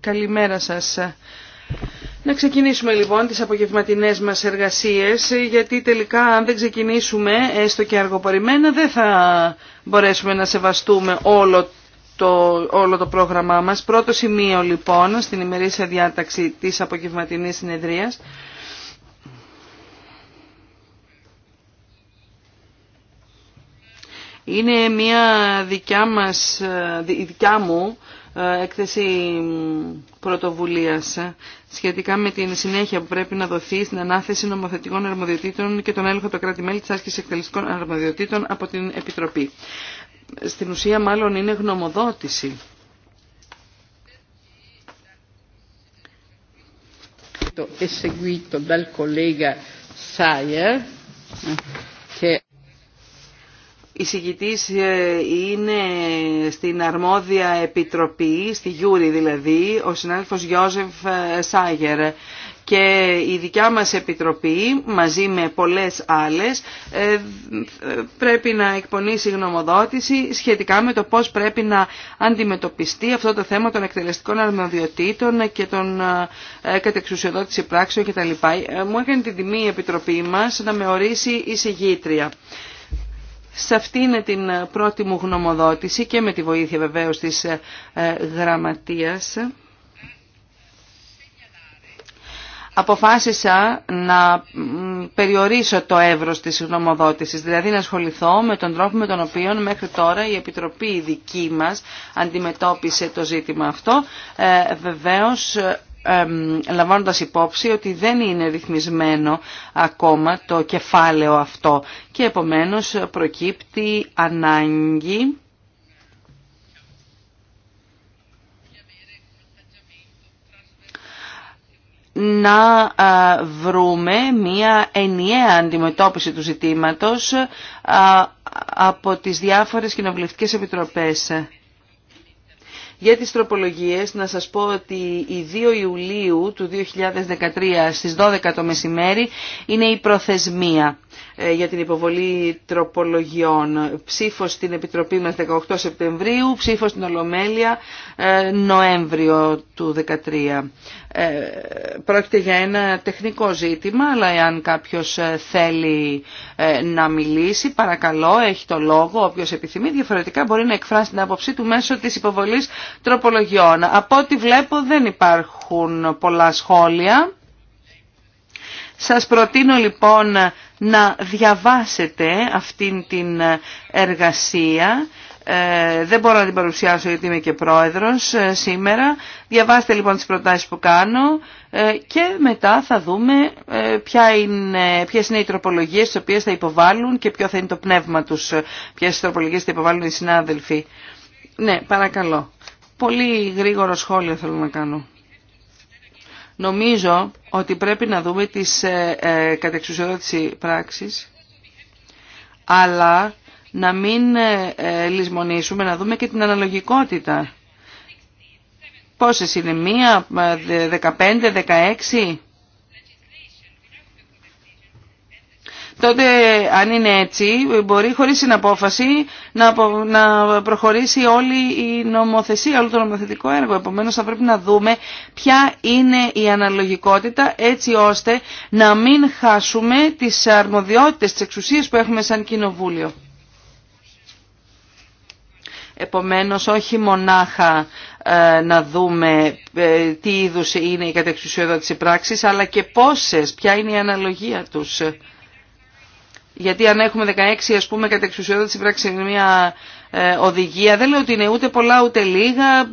Καλημέρα σας. Να ξεκινήσουμε λοιπόν τις απογευματινές μας εργασίες, γιατί τελικά αν δεν ξεκινήσουμε, έστω και αργοπορημένα, δεν θα μπορέσουμε να σεβαστούμε όλο το, όλο το πρόγραμμά μας. Πρώτο σημείο λοιπόν στην ημερήσια διάταξη της απογευματινής συνεδρίας Είναι μια δικιά, μας, δικιά μου ε, έκθεση πρωτοβουλίας σχετικά με την συνέχεια που πρέπει να δοθεί στην ανάθεση νομοθετικών αρμοδιοτήτων και τον έλεγχο των το κράτη-μέλη της άσκησης εκτελεστικών αρμοδιοτήτων από την Επιτροπή. Στην ουσία μάλλον είναι γνωμοδότηση. Η εισηγητής ε, είναι στην αρμόδια επιτροπή, στη Γιούρη δηλαδή, ο συνάδελφος Γιώζεφ ε, Σάγερ. Και η δικιά μας επιτροπή, μαζί με πολλές άλλες, ε, πρέπει να εκπονήσει γνωμοδότηση σχετικά με το πώς πρέπει να αντιμετωπιστεί αυτό το θέμα των εκτελεστικών αρμοδιοτήτων και των κατεξουσιοδότηση πράξεων κτλ. Μου έκανε την τιμή η επιτροπή μας να με ορίσει εισηγήτρια. Σε αυτήν την ε, πρώτη μου γνωμοδότηση και με τη βοήθεια βεβαίως της ε, ε, γραμματείας αποφάσισα να περιορίσω το εύρος της γνωμοδότησης, δηλαδή να ασχοληθώ με τον τρόπο με τον οποίο μέχρι τώρα η Επιτροπή δική μας αντιμετώπισε το ζήτημα αυτό. βεβαίως λαμβάνοντας υπόψη ότι δεν είναι ρυθμισμένο ακόμα το κεφάλαιο αυτό και επομένως προκύπτει ανάγκη να βρούμε μία ενιαία αντιμετώπιση του ζητήματος από τις διάφορες κοινοβουλευτικές επιτροπές. Για τις τροπολογίες να σας πω ότι η 2 Ιουλίου του 2013 στις 12 το μεσημέρι είναι η προθεσμία. Ε, για την υποβολή τροπολογιών. Ψήφο στην Επιτροπή μας 18 Σεπτεμβρίου, ψήφο στην Ολομέλεια ε, Νοέμβριο του 2013. Ε, πρόκειται για ένα τεχνικό ζήτημα, αλλά εάν κάποιος θέλει να μιλήσει, παρακαλώ, έχει το λόγο, όποιος επιθυμεί, διαφορετικά μπορεί να εκφράσει την άποψή του μέσω της υποβολής τροπολογιών. Από ό,τι βλέπω δεν υπάρχουν πολλά σχόλια. Σας προτείνω λοιπόν να διαβάσετε αυτήν την εργασία. Ε, δεν μπορώ να την παρουσιάσω γιατί είμαι και πρόεδρος ε, σήμερα. Διαβάστε λοιπόν τις προτάσεις που κάνω ε, και μετά θα δούμε ποια είναι, ποιες είναι οι τροπολογίες τις οποίες θα υποβάλουν και ποιο θα είναι το πνεύμα τους, ποιες τροπολογίες θα υποβάλουν οι συνάδελφοι. Ναι, παρακαλώ. Πολύ γρήγορο σχόλιο θέλω να κάνω. Νομίζω ότι πρέπει να δούμε τις ε, ε, κατεξουσιοδότηση πράξεις, αλλά να μην ε, λησμονήσουμε, να δούμε και την αναλογικότητα. Πόσες είναι μία, δεκαπέντε, δεκαέξι. τότε αν είναι έτσι μπορεί χωρίς συναπόφαση να, να προχωρήσει όλη η νομοθεσία, όλο το νομοθετικό έργο. Επομένως θα πρέπει να δούμε ποια είναι η αναλογικότητα έτσι ώστε να μην χάσουμε τις αρμοδιότητες, τις εξουσίες που έχουμε σαν κοινοβούλιο. Επομένως όχι μονάχα ε, να δούμε ε, τι είδους είναι η κατεξουσιοδότηση πράξης αλλά και πόσες, ποια είναι η αναλογία τους. Γιατί αν έχουμε 16 ας πούμε κατά εξουσιοδότηση πράξη μια ε, οδηγία, δεν λέω ότι είναι ούτε πολλά ούτε λίγα,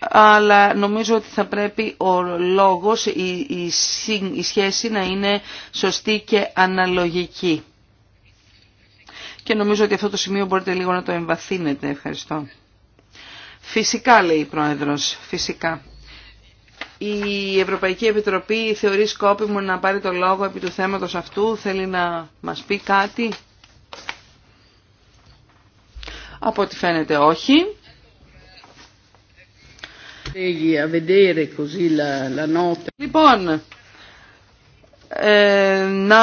αλλά νομίζω ότι θα πρέπει ο λόγος, η, η, η σχέση να είναι σωστή και αναλογική. Και νομίζω ότι αυτό το σημείο μπορείτε λίγο να το εμβαθύνετε. Ευχαριστώ. Φυσικά λέει η Πρόεδρος, φυσικά. Η Ευρωπαϊκή Επιτροπή θεωρεί σκόπιμο να πάρει το λόγο επί του θέματος αυτού. Θέλει να μας πει κάτι. Από ό,τι φαίνεται όχι. Λοιπόν, ε, να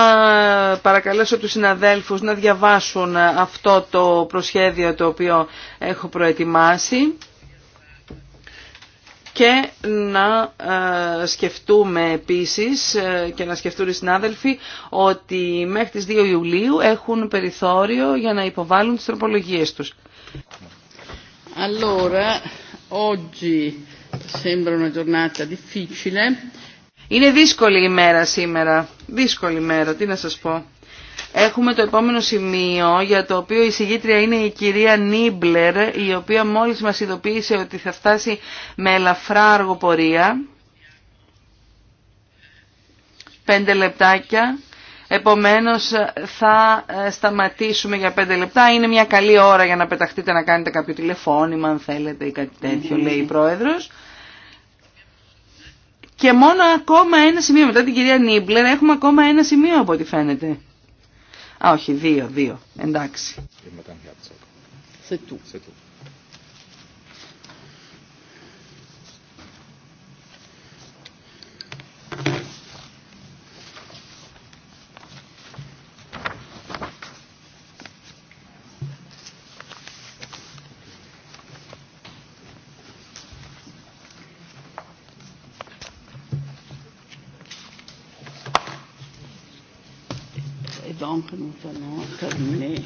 παρακαλέσω τους συναδέλφους να διαβάσουν αυτό το προσχέδιο το οποίο έχω προετοιμάσει και να ε, σκεφτούμε επίσης ε, και να σκεφτούν οι συνάδελφοι ότι μέχρι τις 2 Ιουλίου έχουν περιθώριο για να υποβάλουν τις τροπολογίες τους. Allora, oggi sembra una giornata Είναι δύσκολη η μέρα σήμερα. Δύσκολη η μέρα, τι να σας πω. Έχουμε το επόμενο σημείο για το οποίο η συγγήτρια είναι η κυρία Νίμπλερ η οποία μόλις μας ειδοποίησε ότι θα φτάσει με ελαφρά αργοπορία. Πέντε λεπτάκια. Επομένως θα ε, σταματήσουμε για πέντε λεπτά. Είναι μια καλή ώρα για να πεταχτείτε να κάνετε κάποιο τηλεφώνημα αν θέλετε ή κάτι τέτοιο ναι. λέει η πρόεδρος. Και μόνο ακόμα ένα σημείο μετά την κυρία Νίμπλερ έχουμε ακόμα ένα σημείο από ό,τι φαίνεται. Α, όχι, δύο, δύο. Εντάξει. Σε του. Gedanken unternommen.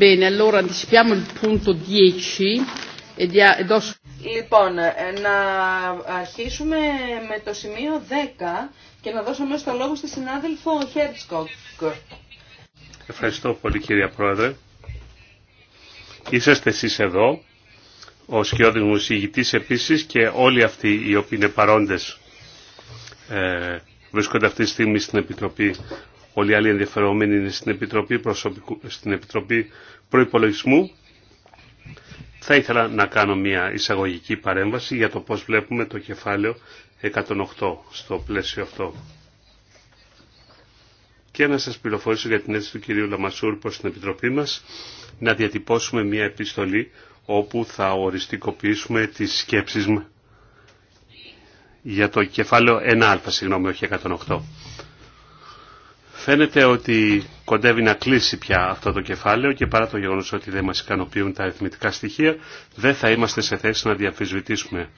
Λοιπόν, να αρχίσουμε με το σημείο 10 και να δώσω μέσα το λόγο στη συνάδελφο Χέρτσκοκ. Ευχαριστώ πολύ κύριε Πρόεδρε. Είσαστε εσείς εδώ, ο σκιώδης μου συγητής επίσης και όλοι αυτοί οι οποίοι είναι παρόντες ε, βρίσκονται αυτή τη στιγμή στην Επιτροπή Πολλοί άλλοι ενδιαφερόμενοι είναι στην Επιτροπή, προσωπικού, στην Επιτροπή Προϋπολογισμού. Θα ήθελα να κάνω μια εισαγωγική παρέμβαση για το πώς βλέπουμε το κεφάλαιο 108 στο πλαίσιο αυτό. Και να σας πληροφορήσω για την αίτηση του κυρίου Λαμασούρ προς την Επιτροπή μας να διατυπώσουμε μια επιστολή όπου θα οριστικοποιήσουμε τις σκέψεις μας για το κεφάλαιο 1α, συγγνώμη, όχι 108. Φαίνεται ότι κοντεύει να κλείσει πια αυτό το κεφάλαιο και παρά το γεγονός ότι δεν μας ικανοποιούν τα αριθμητικά στοιχεία, δεν θα είμαστε σε θέση να διαφυσβητήσουμε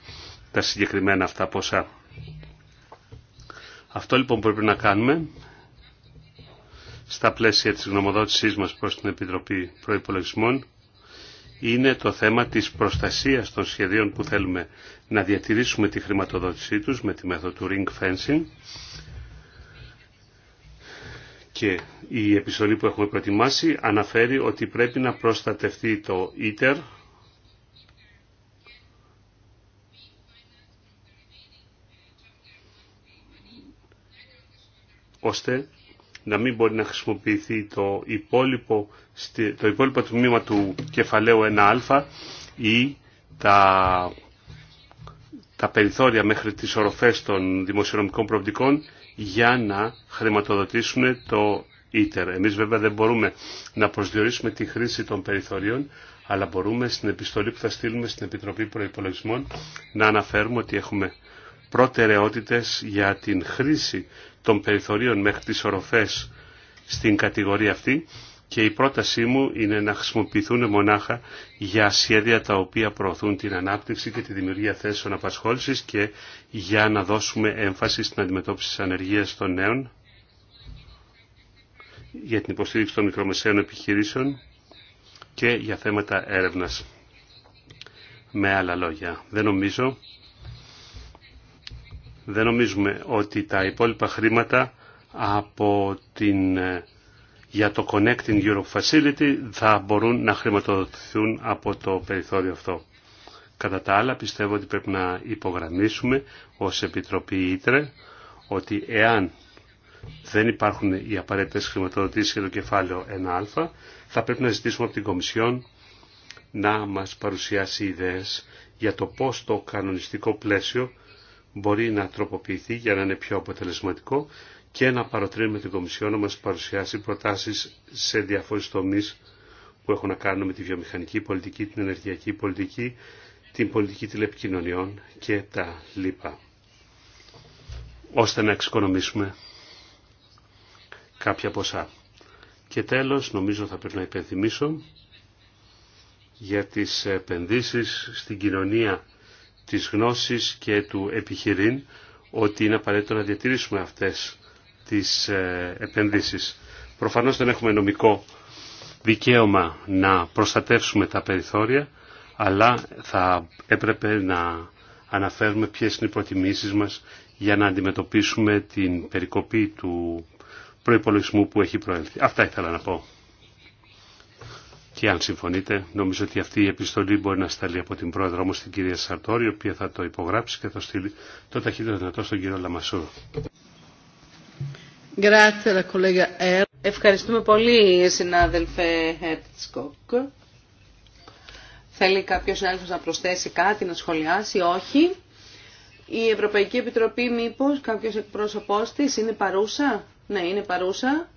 τα συγκεκριμένα αυτά ποσά. Αυτό λοιπόν που πρέπει να κάνουμε στα πλαίσια της γνωμοδότησής μας προς την Επιτροπή Προϋπολογισμών είναι το θέμα της προστασίας των σχεδίων που θέλουμε να διατηρήσουμε τη χρηματοδότησή τους με τη μέθοδο του ring fencing και η επιστολή που έχουμε προετοιμάσει αναφέρει ότι πρέπει να προστατευτεί το ίτερ ώστε να μην μπορεί να χρησιμοποιηθεί το υπόλοιπο, το υπόλοιπο τμήμα του κεφαλαίου 1α ή τα, τα περιθώρια μέχρι τις οροφές των δημοσιονομικών προοπτικών για να χρηματοδοτήσουν το ίτερ. Εμείς βέβαια δεν μπορούμε να προσδιορίσουμε τη χρήση των περιθωρίων, αλλά μπορούμε στην επιστολή που θα στείλουμε στην Επιτροπή Προϋπολογισμών να αναφέρουμε ότι έχουμε προτεραιότητες για την χρήση των περιθωρίων μέχρι τις οροφές στην κατηγορία αυτή και η πρότασή μου είναι να χρησιμοποιηθούν μονάχα για σχέδια τα οποία προωθούν την ανάπτυξη και τη δημιουργία θέσεων απασχόλησης και για να δώσουμε έμφαση στην αντιμετώπιση της ανεργίας των νέων για την υποστήριξη των μικρομεσαίων επιχειρήσεων και για θέματα έρευνας. Με άλλα λόγια, δεν νομίζω δεν νομίζουμε ότι τα υπόλοιπα χρήματα από την ε, για το Connecting Europe Facility θα μπορούν να χρηματοδοτηθούν από το περιθώριο αυτό. Κατά τα άλλα πιστεύω ότι πρέπει να υπογραμμίσουμε ως Επιτροπή Ήτρε ότι εάν δεν υπάρχουν οι απαραίτητες χρηματοδοτήσεις για το κεφάλαιο 1α θα πρέπει να ζητήσουμε από την Κομισιόν να μας παρουσιάσει ιδέες για το πώς το κανονιστικό πλαίσιο μπορεί να τροποποιηθεί για να είναι πιο αποτελεσματικό και να παροτρύνουμε την Κομισιό να μας παρουσιάσει προτάσεις σε διαφόρους τομείς που έχουν να κάνουν με τη βιομηχανική πολιτική, την ενεργειακή πολιτική, την πολιτική τηλεπικοινωνιών και τα λοιπά. Ώστε να εξοικονομήσουμε κάποια ποσά. Και τέλος, νομίζω θα πρέπει να υπενθυμίσω για τις επενδύσεις στην κοινωνία της γνώσης και του επιχειρήν ότι είναι απαραίτητο να διατηρήσουμε αυτές τις ε, επενδύσεις. Προφανώς δεν έχουμε νομικό δικαίωμα να προστατεύσουμε τα περιθώρια, αλλά θα έπρεπε να αναφέρουμε ποιες είναι οι προτιμήσεις μας για να αντιμετωπίσουμε την περικοπή του προϋπολογισμού που έχει προέλθει. Αυτά ήθελα να πω. Και αν συμφωνείτε, νομίζω ότι αυτή η επιστολή μπορεί να σταλεί από την πρόεδρο όμως την κυρία Σαρτόρη, η οποία θα το υπογράψει και θα το στείλει το ταχύτερο δυνατό στον κύριο Λαμασούρ. Er. Ευχαριστούμε πολύ, συνάδελφε Ερτσκοκ. Θέλει κάποιος συνάδελφος να προσθέσει κάτι, να σχολιάσει, όχι. Η Ευρωπαϊκή Επιτροπή μήπως κάποιος εκπρόσωπός της είναι παρούσα. Ναι, είναι παρούσα.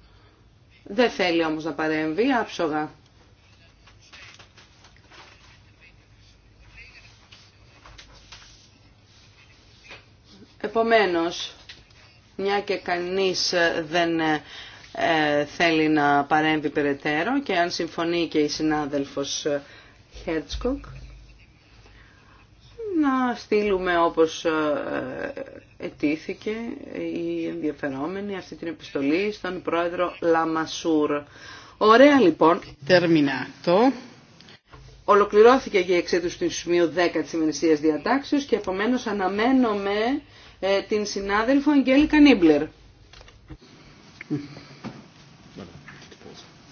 Δεν θέλει όμως να παρέμβει, άψογα. Επομένως, μια και κανείς ε, δεν ε, ε, θέλει να παρέμβει περαιτέρω και αν συμφωνεί και η συνάδελφος Χέρτσκοκ να στείλουμε όπως ετήθηκε η ενδιαφερόμενη αυτή την επιστολή στον πρόεδρο Λαμασούρ. Ωραία λοιπόν. Τερμινάτο. Ολοκληρώθηκε και η εξέτωση του σημείου 10 της ημερησίας διατάξεως και επομένως αναμένουμε την συνάδελφο Αγγέλικα Νίμπλερ.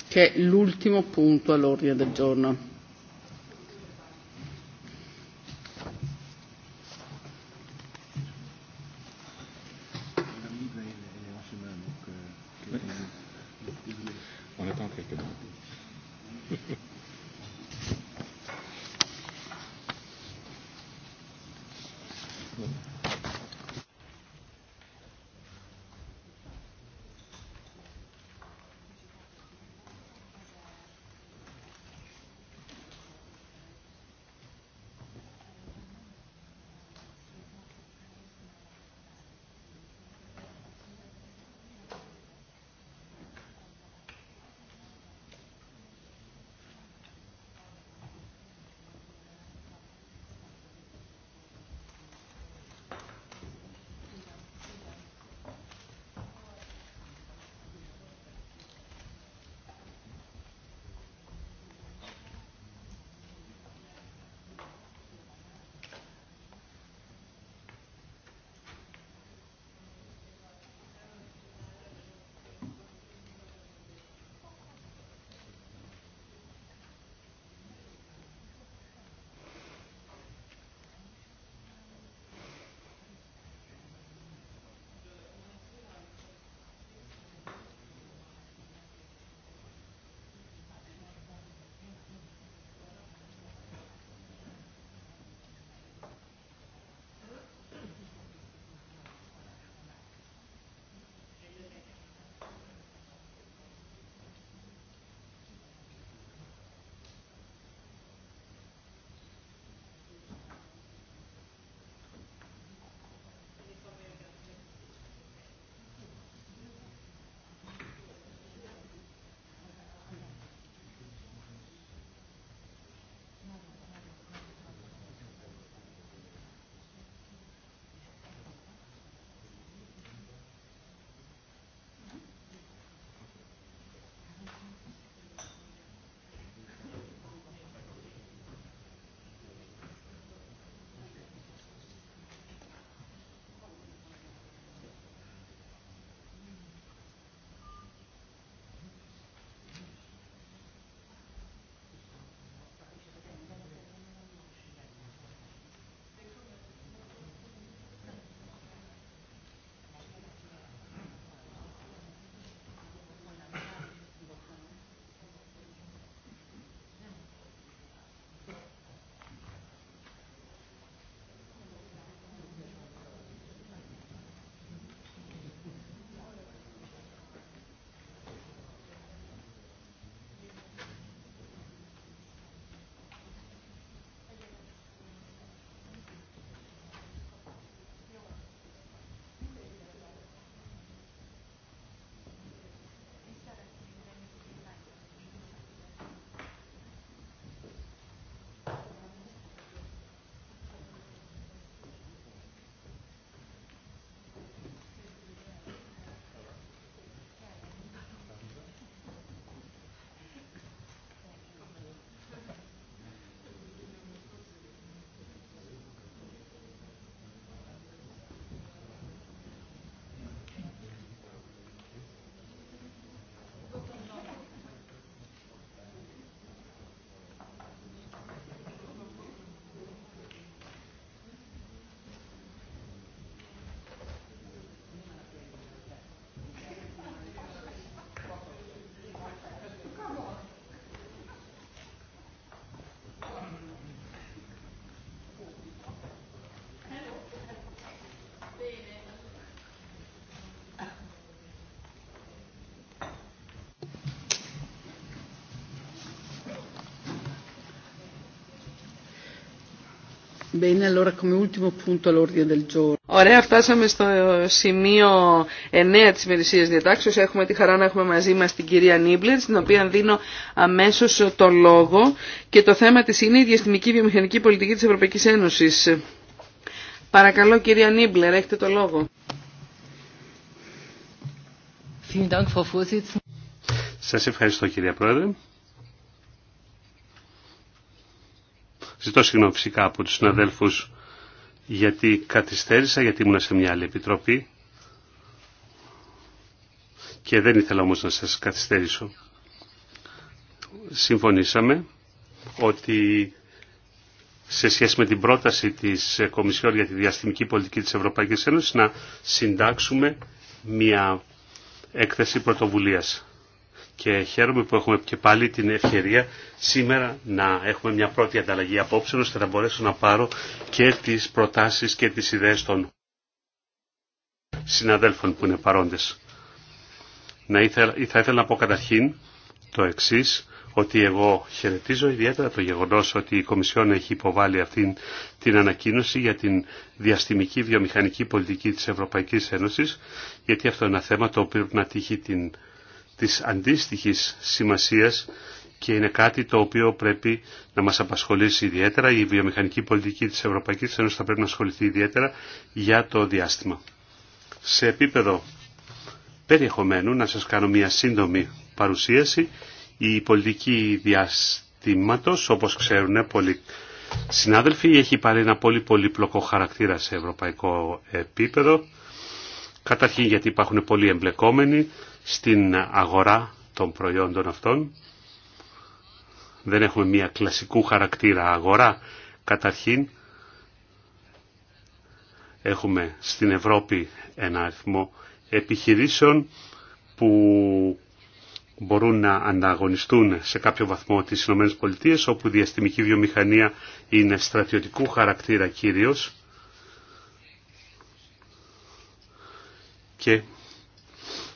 Και l'ultimo punto all'ordine del giorno. On attend Ωραία, φτάσαμε στο σημείο 9 της ημερησίας διατάξεως. Έχουμε τη χαρά να έχουμε μαζί μας την κυρία Νίμπλερ, στην οποία δίνω αμέσως το λόγο. Και το θέμα της είναι η διαστημική βιομηχανική πολιτική της Ευρωπαϊκής Ένωσης. Παρακαλώ κυρία Νίμπλερ, έχετε το λόγο. Σας ευχαριστώ κυρία Πρόεδρε. Ζητώ συγγνώμη φυσικά από τους συναδέλφους γιατί καθυστέρησα, γιατί ήμουν σε μια άλλη επιτροπή και δεν ήθελα όμως να σας καθυστερήσω. Συμφωνήσαμε ότι σε σχέση με την πρόταση της Κομισιόν για τη Διαστημική Πολιτική της Ευρωπαϊκής Ένωσης να συντάξουμε μια έκθεση πρωτοβουλίας και χαίρομαι που έχουμε και πάλι την ευκαιρία σήμερα να έχουμε μια πρώτη ανταλλαγή απόψε ώστε να μπορέσω να πάρω και τις προτάσεις και τις ιδέες των συναδέλφων που είναι παρόντες. Να ήθελα, θα ήθελα να πω καταρχήν το εξής, ότι εγώ χαιρετίζω ιδιαίτερα το γεγονός ότι η Κομισιόν έχει υποβάλει αυτήν την ανακοίνωση για την διαστημική βιομηχανική πολιτική της Ευρωπαϊκής Ένωσης, γιατί αυτό είναι ένα θέμα το οποίο πρέπει να τύχει την της αντίστοιχης σημασίας και είναι κάτι το οποίο πρέπει να μας απασχολήσει ιδιαίτερα. Η βιομηχανική πολιτική της Ευρωπαϊκής Ένωσης θα πρέπει να ασχοληθεί ιδιαίτερα για το διάστημα. Σε επίπεδο περιεχομένου, να σας κάνω μια σύντομη παρουσίαση, η πολιτική διαστήματος, όπως ξέρουν πολλοί συνάδελφοι, έχει πάρει ένα πολύ πολύ πλοκό χαρακτήρα σε ευρωπαϊκό επίπεδο. Καταρχήν γιατί υπάρχουν πολλοί εμπλεκόμενοι, στην αγορά των προϊόντων αυτών. Δεν έχουμε μια κλασικού χαρακτήρα αγορά. Καταρχήν έχουμε στην Ευρώπη ένα αριθμό επιχειρήσεων που μπορούν να ανταγωνιστούν σε κάποιο βαθμό τις Ηνωμένες Πολιτείες όπου η διαστημική βιομηχανία είναι στρατιωτικού χαρακτήρα κυρίως και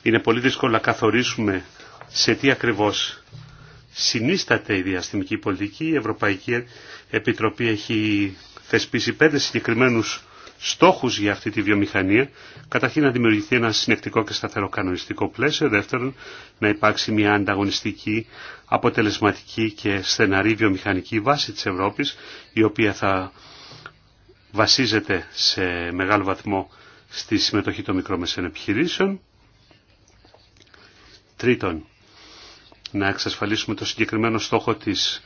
είναι πολύ δύσκολο να καθορίσουμε σε τι ακριβώς συνίσταται η διαστημική πολιτική. Η Ευρωπαϊκή Επιτροπή έχει θεσπίσει πέντε συγκεκριμένους στόχους για αυτή τη βιομηχανία. Καταρχήν να δημιουργηθεί ένα συνεκτικό και σταθεροκανονιστικό πλαίσιο. Δεύτερον, να υπάρξει μια ανταγωνιστική, αποτελεσματική και στεναρή βιομηχανική βάση της Ευρώπης, η οποία θα βασίζεται σε μεγάλο βαθμό στη συμμετοχή των μικρομεσαίων επιχειρήσεων. Τρίτον, να εξασφαλίσουμε το συγκεκριμένο στόχο της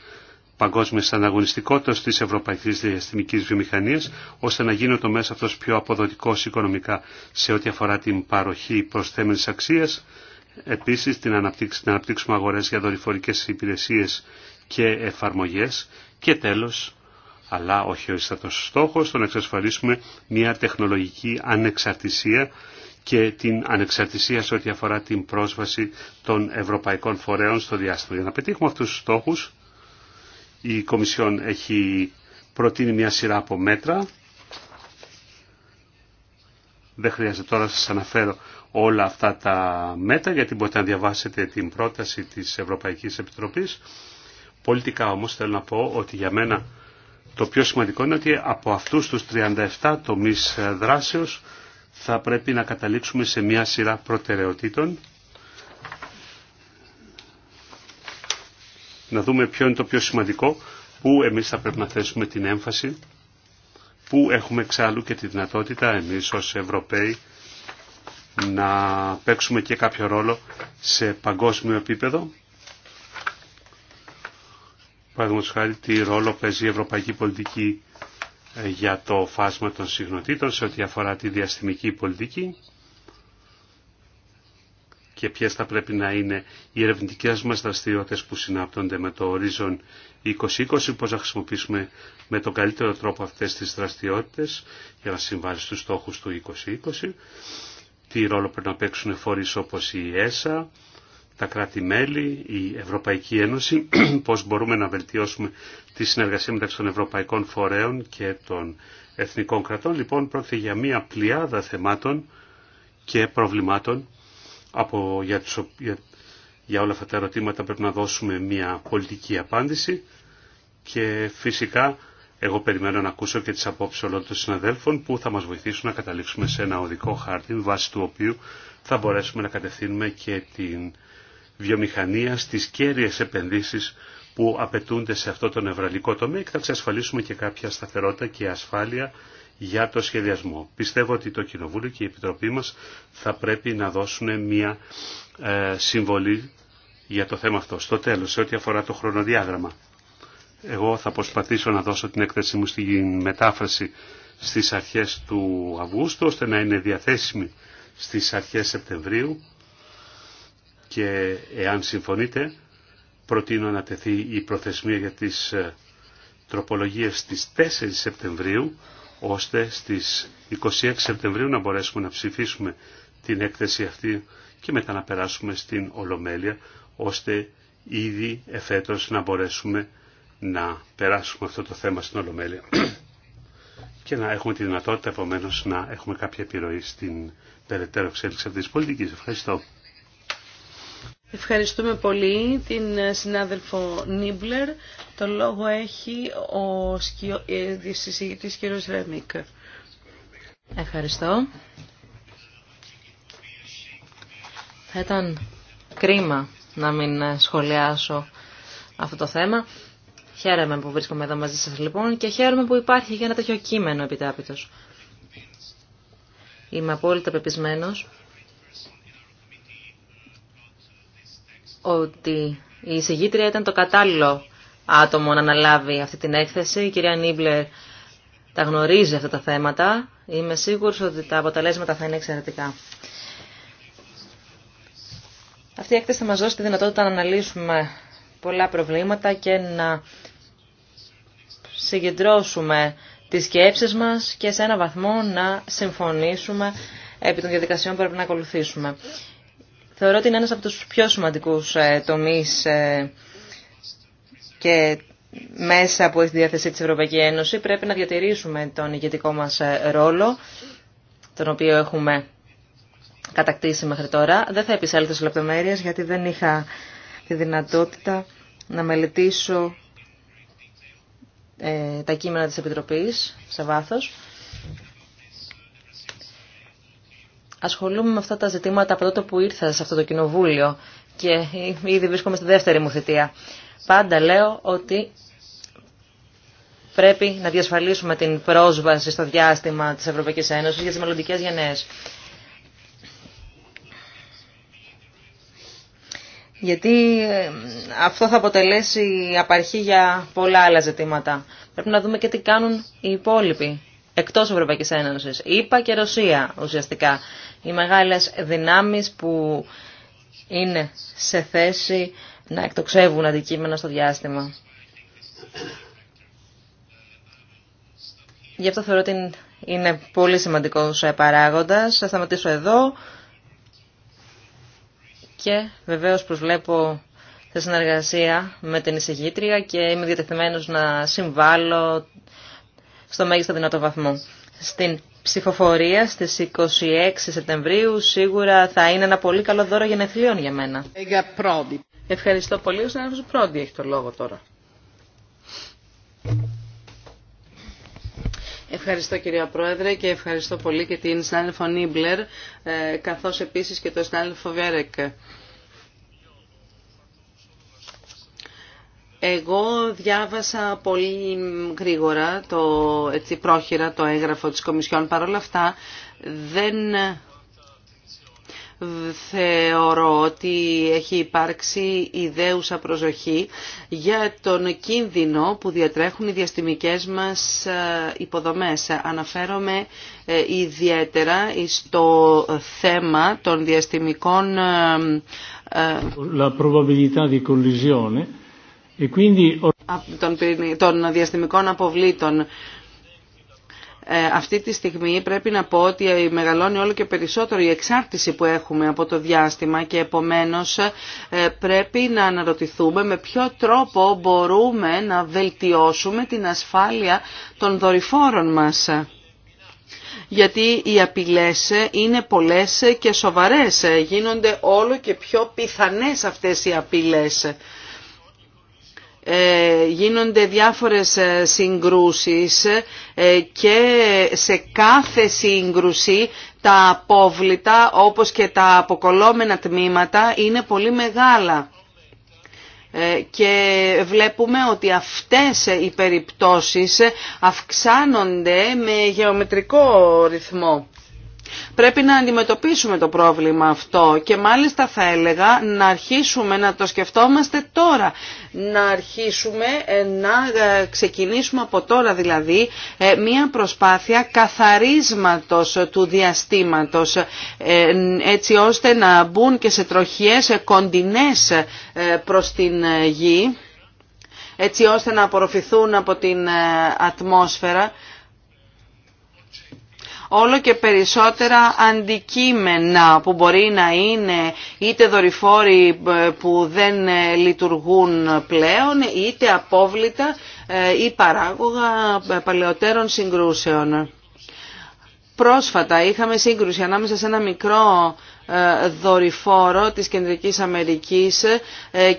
παγκόσμιας αναγωνιστικότητας της ευρωπαϊκής διαστημικής βιομηχανίας, ώστε να γίνει το μέσο αυτός πιο αποδοτικός οικονομικά σε ό,τι αφορά την παροχή προσθέμενης αξίας, επίσης την να αναπτύξουμε αγορές για δορυφορικές υπηρεσίες και εφαρμογές και τέλος, αλλά όχι ο ιστατός στόχος, το να εξασφαλίσουμε μια τεχνολογική ανεξαρτησία και την ανεξαρτησία σε ό,τι αφορά την πρόσβαση των ευρωπαϊκών φορέων στο διάστημα. Για να πετύχουμε αυτούς τους στόχους, η Κομισιόν έχει προτείνει μια σειρά από μέτρα. Δεν χρειάζεται τώρα να σας αναφέρω όλα αυτά τα μέτρα, γιατί μπορείτε να διαβάσετε την πρόταση της Ευρωπαϊκής Επιτροπής. Πολιτικά όμως θέλω να πω ότι για μένα το πιο σημαντικό είναι ότι από αυτούς τους 37 τομείς ε, δράσεως θα πρέπει να καταλήξουμε σε μια σειρά προτεραιοτήτων. Να δούμε ποιο είναι το πιο σημαντικό, πού εμείς θα πρέπει να θέσουμε την έμφαση, πού έχουμε εξάλλου και τη δυνατότητα εμείς ως Ευρωπαίοι να παίξουμε και κάποιο ρόλο σε παγκόσμιο επίπεδο. Παραδείγματος χάρη τι ρόλο παίζει η ευρωπαϊκή πολιτική για το φάσμα των συγνωτήτων σε ό,τι αφορά τη διαστημική πολιτική και ποιε θα πρέπει να είναι οι ερευνητικέ μας δραστηριότητε που συνάπτονται με το ορίζον 2020, πώς να χρησιμοποιήσουμε με τον καλύτερο τρόπο αυτές τις δραστηριότητε για να συμβάλλει στους στόχους του 2020, τι ρόλο πρέπει να παίξουν φόρεις όπω η ΕΣΑ, τα κράτη-μέλη, η Ευρωπαϊκή Ένωση, πώς μπορούμε να βελτιώσουμε τη συνεργασία μεταξύ των ευρωπαϊκών φορέων και των εθνικών κρατών. Λοιπόν, πρόκειται για μία πλειάδα θεμάτων και προβλημάτων από, για, όλα αυτά τα ερωτήματα πρέπει να δώσουμε μία πολιτική απάντηση και φυσικά εγώ περιμένω να ακούσω και τις απόψεις όλων των συναδέλφων που θα μας βοηθήσουν να καταλήξουμε σε ένα οδικό χάρτη βάσει του οποίου θα μπορέσουμε να κατευθύνουμε και την βιομηχανίας, τις κέρυες επενδύσεις που απαιτούνται σε αυτό το νευραλικό τομέα και θα εξασφαλίσουμε και κάποια σταθερότητα και ασφάλεια για το σχεδιασμό. Πιστεύω ότι το Κοινοβούλιο και η Επιτροπή μας θα πρέπει να δώσουν μια ε, συμβολή για το θέμα αυτό. Στο τέλος, σε ό,τι αφορά το χρονοδιάγραμμα, εγώ θα προσπαθήσω να δώσω την έκθεση μου στη μετάφραση στις αρχές του Αυγούστου, ώστε να είναι διαθέσιμη στις αρχές Σεπτεμβρίου και εάν συμφωνείτε προτείνω να τεθεί η προθεσμία για τις ε, τροπολογίες στις 4 Σεπτεμβρίου ώστε στις 26 Σεπτεμβρίου να μπορέσουμε να ψηφίσουμε την έκθεση αυτή και μετά να περάσουμε στην Ολομέλεια ώστε ήδη εφέτος να μπορέσουμε να περάσουμε αυτό το θέμα στην Ολομέλεια και να έχουμε τη δυνατότητα επομένω να έχουμε κάποια επιρροή στην περαιτέρω εξέλιξη αυτής της πολιτικής. Ευχαριστώ. Ευχαριστούμε πολύ την ε, συνάδελφο Νίμπλερ. Το λόγο έχει ο ε, συζητητής κ. Ρέμικ. Ευχαριστώ. Θα ήταν κρίμα να μην ε, σχολιάσω αυτό το θέμα. Χαίρομαι που βρίσκομαι εδώ μαζί σας λοιπόν και χαίρομαι που υπάρχει για ένα τέτοιο κείμενο επιτάπητος. Είμαι απόλυτα πεπισμένος ότι η εισηγήτρια ήταν το κατάλληλο άτομο να αναλάβει αυτή την έκθεση. Η κυρία Νίμπλερ τα γνωρίζει αυτά τα θέματα. Είμαι σίγουρος ότι τα αποτελέσματα θα είναι εξαιρετικά. Αυτή η έκθεση θα μας δώσει τη δυνατότητα να αναλύσουμε πολλά προβλήματα και να συγκεντρώσουμε τις σκέψεις μας και σε ένα βαθμό να συμφωνήσουμε επί των διαδικασιών που πρέπει να ακολουθήσουμε θεωρώ ότι είναι ένας από τους πιο σημαντικούς ε, τομείς ε, και μέσα από τη διάθεσή της Ευρωπαϊκή Ένωση πρέπει να διατηρήσουμε τον ηγετικό μας ε, ρόλο, τον οποίο έχουμε κατακτήσει μέχρι τώρα. Δεν θα επισέλθω σε λεπτομέρειες γιατί δεν είχα τη δυνατότητα να μελετήσω τα κείμενα της Επιτροπής σε βάθος. ασχολούμαι με αυτά τα ζητήματα από τότε που ήρθα σε αυτό το κοινοβούλιο και ήδη βρίσκομαι στη δεύτερη μου θητεία. Πάντα λέω ότι πρέπει να διασφαλίσουμε την πρόσβαση στο διάστημα της Ευρωπαϊκής Ένωσης για τις μελλοντικές γενναίες. Γιατί ε, αυτό θα αποτελέσει απαρχή για πολλά άλλα ζητήματα. Πρέπει να δούμε και τι κάνουν οι υπόλοιποι εκτός Ευρωπαϊκής Ένωσης. ΗΠΑ και Ρωσία ουσιαστικά. Οι μεγάλες δυνάμεις που είναι σε θέση να εκτοξεύουν αντικείμενα στο διάστημα. Γι' αυτό θεωρώ ότι είναι πολύ σημαντικός παράγοντας. Θα σταματήσω εδώ και βεβαίως προσβλέπω σε συνεργασία με την εισηγήτρια και είμαι διατεθειμένος να συμβάλλω στο μέγιστο δυνατό βαθμό. Στην ψηφοφορία στις 26 Σεπτεμβρίου σίγουρα θα είναι ένα πολύ καλό δώρο γενεθλίων για μένα. Ε, ευχαριστώ πολύ. Ο συνάδελφος Πρόντι έχει το λόγο τώρα. Ευχαριστώ κυρία Πρόεδρε και ευχαριστώ πολύ και την συνάδελφο Νίμπλερ ε, καθώς επίσης και τον συνάδελφο Βέρεκ Εγώ διάβασα πολύ γρήγορα, το, έτσι πρόχειρα, το έγγραφο της Κομισιόν. Παρ' όλα αυτά δεν θεωρώ ότι έχει υπάρξει ιδέουσα προσοχή για τον κίνδυνο που διατρέχουν οι διαστημικές μας ε, υποδομές. Αναφέρομαι ε, ιδιαίτερα στο θέμα των διαστημικών... Ε, La probabilità di collisione E των, διαστημικών αποβλήτων. Ε, αυτή τη στιγμή πρέπει να πω ότι μεγαλώνει όλο και περισσότερο η εξάρτηση που έχουμε από το διάστημα και επομένως ε, πρέπει να αναρωτηθούμε με ποιο τρόπο μπορούμε να βελτιώσουμε την ασφάλεια των δορυφόρων μας. Γιατί οι απειλές είναι πολλές και σοβαρές. Γίνονται όλο και πιο πιθανές αυτές οι απειλές. Ε, γίνονται διάφορες ε, συγκρούσεις ε, και σε κάθε σύγκρουση τα απόβλητα όπως και τα αποκολόμενα τμήματα είναι πολύ μεγάλα. Και βλέπουμε ότι αυτές οι περιπτώσεις αυξάνονται με γεωμετρικό ρυθμό. Πρέπει να αντιμετωπίσουμε το πρόβλημα αυτό και μάλιστα θα έλεγα να αρχίσουμε να το σκεφτόμαστε τώρα. Να αρχίσουμε ε, να ε, ξεκινήσουμε από τώρα δηλαδή ε, μία προσπάθεια καθαρίσματος του διαστήματος έτσι ώστε να μπουν και σε τροχιές κοντινές προς την γη έτσι ώστε να απορροφηθούν από την ατμόσφαιρα όλο και περισσότερα αντικείμενα που μπορεί να είναι είτε δορυφόροι ε, που δεν ε, λειτουργούν πλέον, είτε απόβλητα ε, ή παράγωγα παλαιότερων συγκρούσεων. Πρόσφατα είχαμε σύγκρουση ανάμεσα σε ένα μικρό δορυφόρο της Κεντρικής Αμερικής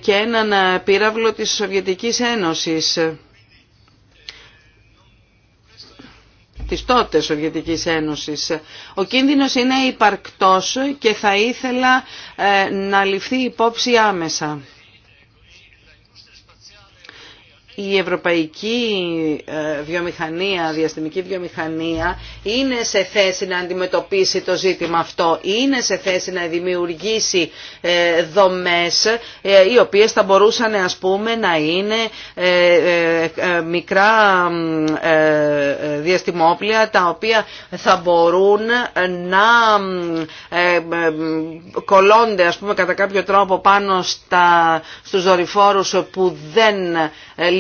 και έναν πύραυλο της Σοβιετικής Ένωσης. της τότε Σοβιετικής Ένωσης. Ο κίνδυνος είναι υπαρκτός και θα ήθελα ε, να ληφθεί υπόψη άμεσα η ευρωπαϊκή ε, βιομηχανία, διαστημική βιομηχανία είναι σε θέση να αντιμετωπίσει το ζήτημα αυτό, είναι σε θέση να δημιουργήσει ε, δομές ε, οι οποίες θα μπορούσαν ας πούμε να είναι μικρά διαστημόπλια τα οποία θα μπορούν να κολλώνται ας πούμε κατά κάποιο τρόπο πάνω στα, στους δορυφόρους που δεν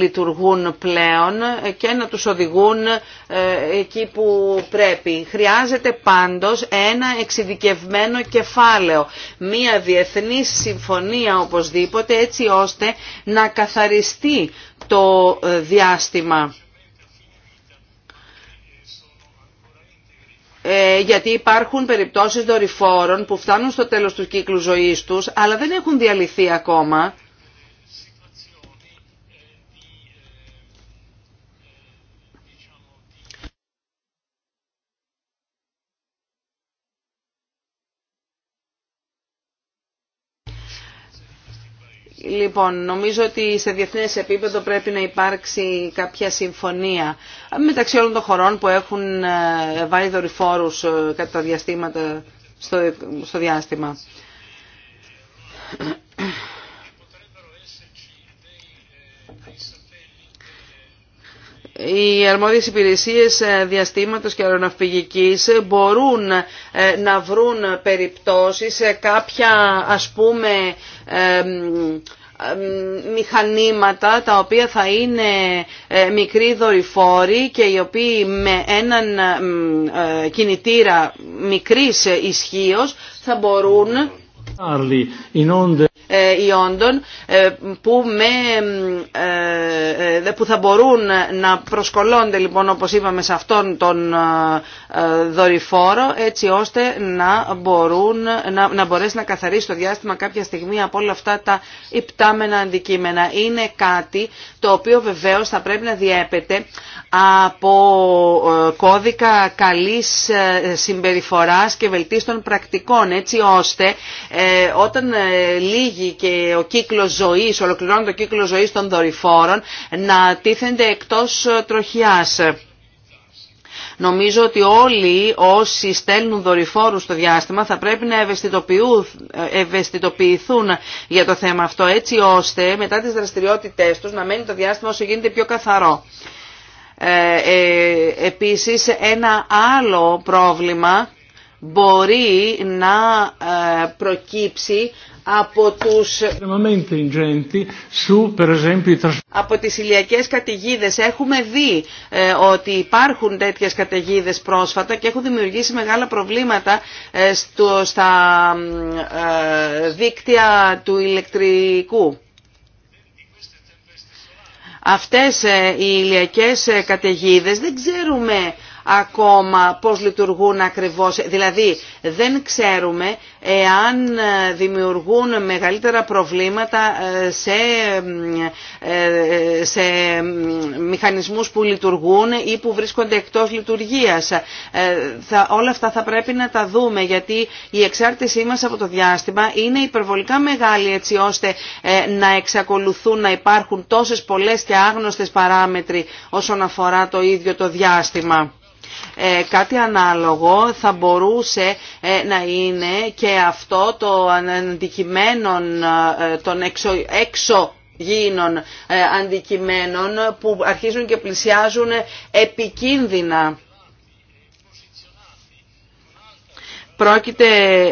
λειτουργούν πλέον και να τους οδηγούν ε, εκεί που πρέπει. Χρειάζεται πάντως ένα εξειδικευμένο κεφάλαιο, μία διεθνή συμφωνία οπωσδήποτε έτσι ώστε να καθαριστεί το ε, διάστημα. Ε, γιατί υπάρχουν περιπτώσεις δορυφόρων που φτάνουν στο τέλος του κύκλου ζωής τους αλλά δεν έχουν διαλυθεί ακόμα Λοιπόν, νομίζω ότι σε διεθνέ επίπεδο πρέπει να υπάρξει κάποια συμφωνία μεταξύ όλων των χωρών που έχουν ε, βάλει δορυφόρου ε, κατά τα διαστήματα στο, στο διάστημα. οι αρμόδιες υπηρεσίες ε, διαστήματος και αεροναυπηγικής μπορούν να βρουν περιπτώσεις σε κάποια ας πούμε μηχανήματα τα οποία θα είναι ε, μικροί δορυφόροι και οι οποίοι με έναν ε, κινητήρα μικρής ισχύω θα μπορούν ε, ιόντων ε, που, με, ε, που θα μπορούν να προσκολώνται λοιπόν όπως είπαμε σε αυτόν τον δορυφόρο έτσι ώστε να, μπορούν, να, να μπορέσει να καθαρίσει το διάστημα κάποια στιγμή από όλα αυτά τα υπτάμενα αντικείμενα. Είναι κάτι το οποίο βεβαίως θα πρέπει να διέπεται από κώδικα καλής συμπεριφοράς και βελτίστων πρακτικών έτσι ώστε όταν λίγοι και ο κύκλος ζωής, ολοκληρώνει το κύκλο ζωής των δορυφόρων, να τίθενται εκτός ε, τροχιάς. Νομίζω ότι όλοι όσοι στέλνουν δορυφόρους στο διάστημα θα πρέπει να ε, ευαισθητοποιηθούν για το θέμα αυτό έτσι ώστε μετά τις δραστηριότητές τους να μένει το διάστημα όσο γίνεται πιο καθαρό. Ε, ε επίσης ένα άλλο πρόβλημα μπορεί να προκύψει από, τους... από τις ηλιακές καταιγίδε. Έχουμε δει ε, ότι υπάρχουν τέτοιες καταιγίδε πρόσφατα και έχουν δημιουργήσει μεγάλα προβλήματα ε, στο, στα ε, δίκτυα του ηλεκτρικού. Αυτές οι ηλιακές καταιγίδε δεν ξέρουμε ακόμα πώς λειτουργούν ακριβώς. Δηλαδή δεν ξέρουμε εάν δημιουργούν μεγαλύτερα προβλήματα ε, σε, ε, σε μηχανισμούς που λειτουργούν ή που βρίσκονται εκτός λειτουργίας. Ε, θα, όλα αυτά θα πρέπει να τα δούμε γιατί η εξάρτησή μας από το διάστημα είναι υπερβολικά μεγάλη έτσι ώστε να εξακολουθούν να υπάρχουν τόσες πολλές και άγνωστες παράμετροι όσον αφορά το ίδιο το διάστημα. Ε, κάτι ανάλογο θα μπορούσε ε, να είναι και αυτό το αντικειμένο ε, των εξω, αντικειμένων που αρχίζουν και πλησιάζουν επικίνδυνα Πρόκειται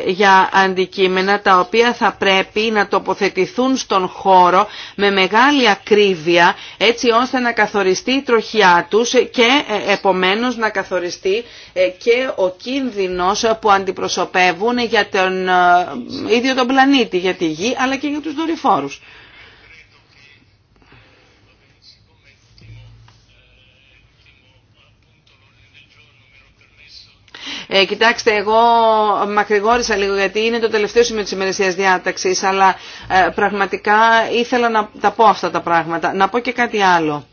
για αντικείμενα τα οποία θα πρέπει να τοποθετηθούν στον χώρο με μεγάλη ακρίβεια έτσι ώστε να καθοριστεί η τροχιά τους και ε, επομένως να καθοριστεί ε, και ο κίνδυνος που αντιπροσωπεύουν για τον ε, ίδιο τον πλανήτη, για τη γη αλλά και για τους δορυφόρους. Ε, κοιτάξτε, εγώ μακρηγόρησα λίγο γιατί είναι το τελευταίο σημείο της ημερησίας διάταξης, αλλά ε, πραγματικά ήθελα να τα πω αυτά τα πράγματα. Να πω και κάτι άλλο.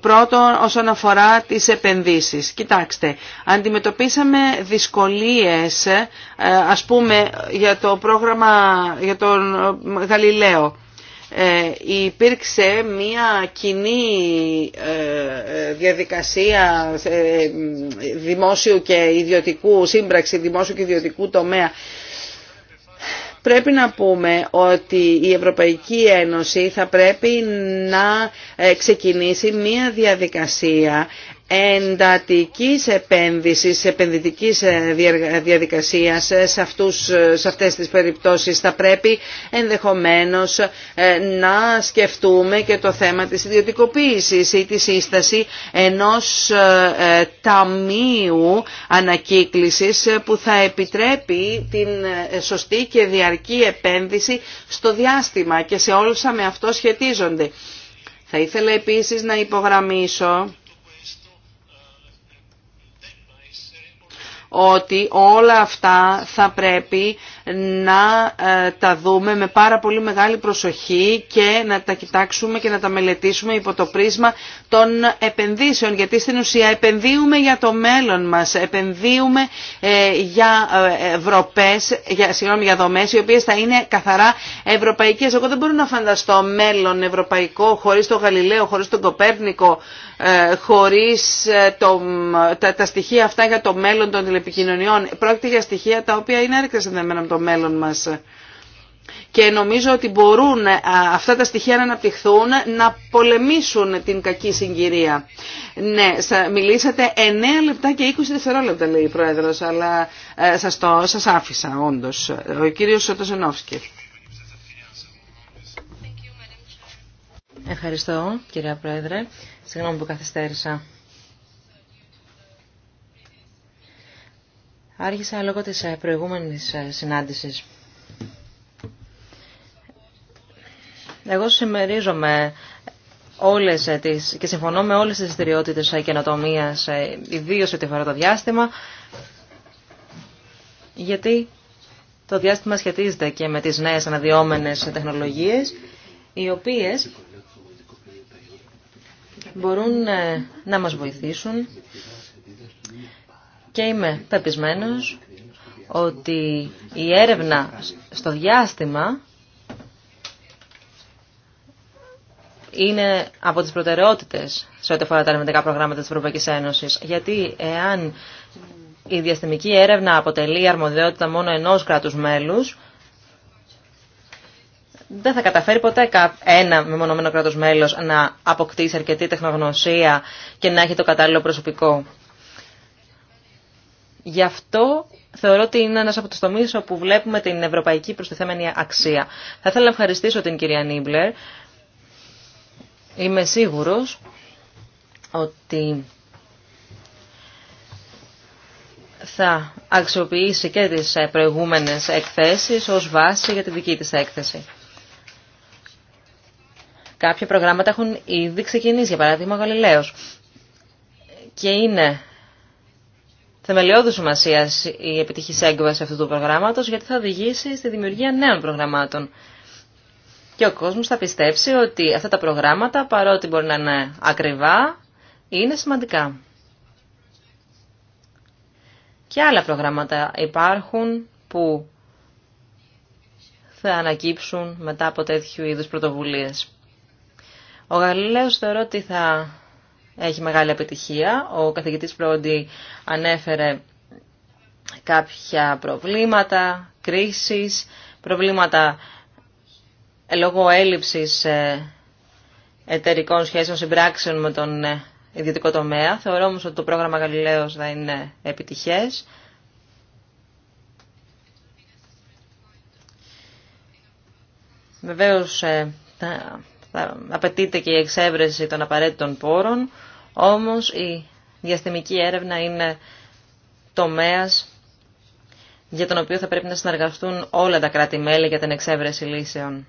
Πρώτον, όσον αφορά τις επενδύσεις. Κοιτάξτε, αντιμετωπίσαμε δυσκολίες, ε, ας πούμε, για το πρόγραμμα, για τον Γαλιλαίο. Ε, υπήρξε μια κοινή ε, διαδικασία ε, δημόσιου και ιδιωτικού, σύμπραξη δημόσιου και ιδιωτικού τομέα. Πρέπει να πούμε ότι η Ευρωπαϊκή Ένωση θα πρέπει να ξεκινήσει μία διαδικασία εντατική επένδυσης, επενδυτικής ε, διαδικασίας σε, αυτούς, σε αυτές τις περιπτώσεις θα πρέπει ενδεχομένως ε, να σκεφτούμε και το θέμα της ιδιωτικοποίησης ή τη σύσταση ενός ε, ταμείου ανακύκλησης που θα επιτρέπει την σωστή και διαρκή επένδυση στο διάστημα και σε όλους με αυτό σχετίζονται. Θα ήθελα επίσης να υπογραμμίσω ότι όλα αυτά θα πρέπει να ε, τα δούμε με πάρα πολύ μεγάλη προσοχή και να τα κοιτάξουμε και να τα μελετήσουμε υπό το πρίσμα των επενδύσεων. Γιατί στην ουσία επενδύουμε για το μέλλον μας, επενδύουμε ε, για, ε, Ευρωπές, για, συγγνώμη, για δομές οι οποίες θα είναι καθαρά ευρωπαϊκές. Εγώ δεν μπορώ να φανταστώ μέλλον ευρωπαϊκό χωρίς τον Γαλιλαίο, χωρίς τον Κοπέρνικο, χωρίς το, τα, στοιχεία αυτά για το μέλλον των τηλεπικοινωνιών. Πρόκειται για στοιχεία τα οποία είναι άρρηκτα συνδεμένα με το μέλλον μας. Και νομίζω ότι μπορούν αυτά τα στοιχεία να αναπτυχθούν, να πολεμήσουν την κακή συγκυρία. Ναι, μιλήσατε 9 λεπτά και 20 δευτερόλεπτα, λέει η Πρόεδρος, αλλά ε, σας, το, σας άφησα, όντως. Ο κύριος Σωτοζενόφσκι. Ευχαριστώ, κυρία Πρόεδρε. Συγγνώμη που καθυστέρησα. Άρχισα λόγω της ε, προηγούμενης ε, συνάντησης. Εγώ συμμερίζομαι όλες ε, τις, και συμφωνώ με όλες τις δραστηριότητε καινοτομία, ιδίως ό,τι αφορά το διάστημα, γιατί το διάστημα σχετίζεται και με τις νέες αναδυόμενες τεχνολογίες, οι οποίες μπορούν να μας βοηθήσουν και είμαι πεπισμένος ότι η έρευνα στο διάστημα είναι από τις προτεραιότητες σε ό,τι αφορά τα ερευνητικά προγράμματα της Ευρωπαϊκής Ένωσης. Γιατί εάν η διαστημική έρευνα αποτελεί αρμοδιότητα μόνο ενός κράτους μέλους, δεν θα καταφέρει ποτέ ένα μεμονωμένο κράτος μέλος να αποκτήσει αρκετή τεχνογνωσία και να έχει το κατάλληλο προσωπικό. Γι' αυτό θεωρώ ότι είναι ένας από του τομεί όπου βλέπουμε την ευρωπαϊκή προστιθέμενη αξία. Θα ήθελα να ευχαριστήσω την κυρία Νίμπλερ. Είμαι σίγουρος ότι θα αξιοποιήσει και τις προηγούμενες εκθέσεις ως βάση για τη δική της έκθεση. Κάποια προγράμματα έχουν ήδη ξεκινήσει, για παράδειγμα ο Γαλιλαίος. Και είναι θεμελιώδη σημασία η επιτυχή έγκυβαση αυτού του προγράμματο, γιατί θα οδηγήσει στη δημιουργία νέων προγραμμάτων. Και ο κόσμο θα πιστέψει ότι αυτά τα προγράμματα, παρότι μπορεί να είναι ακριβά, είναι σημαντικά. Και άλλα προγράμματα υπάρχουν που θα ανακύψουν μετά από τέτοιου είδους πρωτοβουλίες. Ο Γαλιλαίος θεωρώ ότι θα έχει μεγάλη επιτυχία. Ο καθηγητής Πρόντι ανέφερε κάποια προβλήματα, κρίσεις, προβλήματα ε, λόγω έλλειψης ε, εταιρικών σχέσεων συμπράξεων με τον ε, ιδιωτικό τομέα. Θεωρώ όμως ότι το πρόγραμμα Γαλιλαίος θα είναι επιτυχές. Βεβαίως θα απαιτείται και η εξέβρεση των απαραίτητων πόρων, όμως η διαστημική έρευνα είναι τομέας για τον οποίο θα πρέπει να συνεργαστούν όλα τα κράτη-μέλη για την εξέβρεση λύσεων.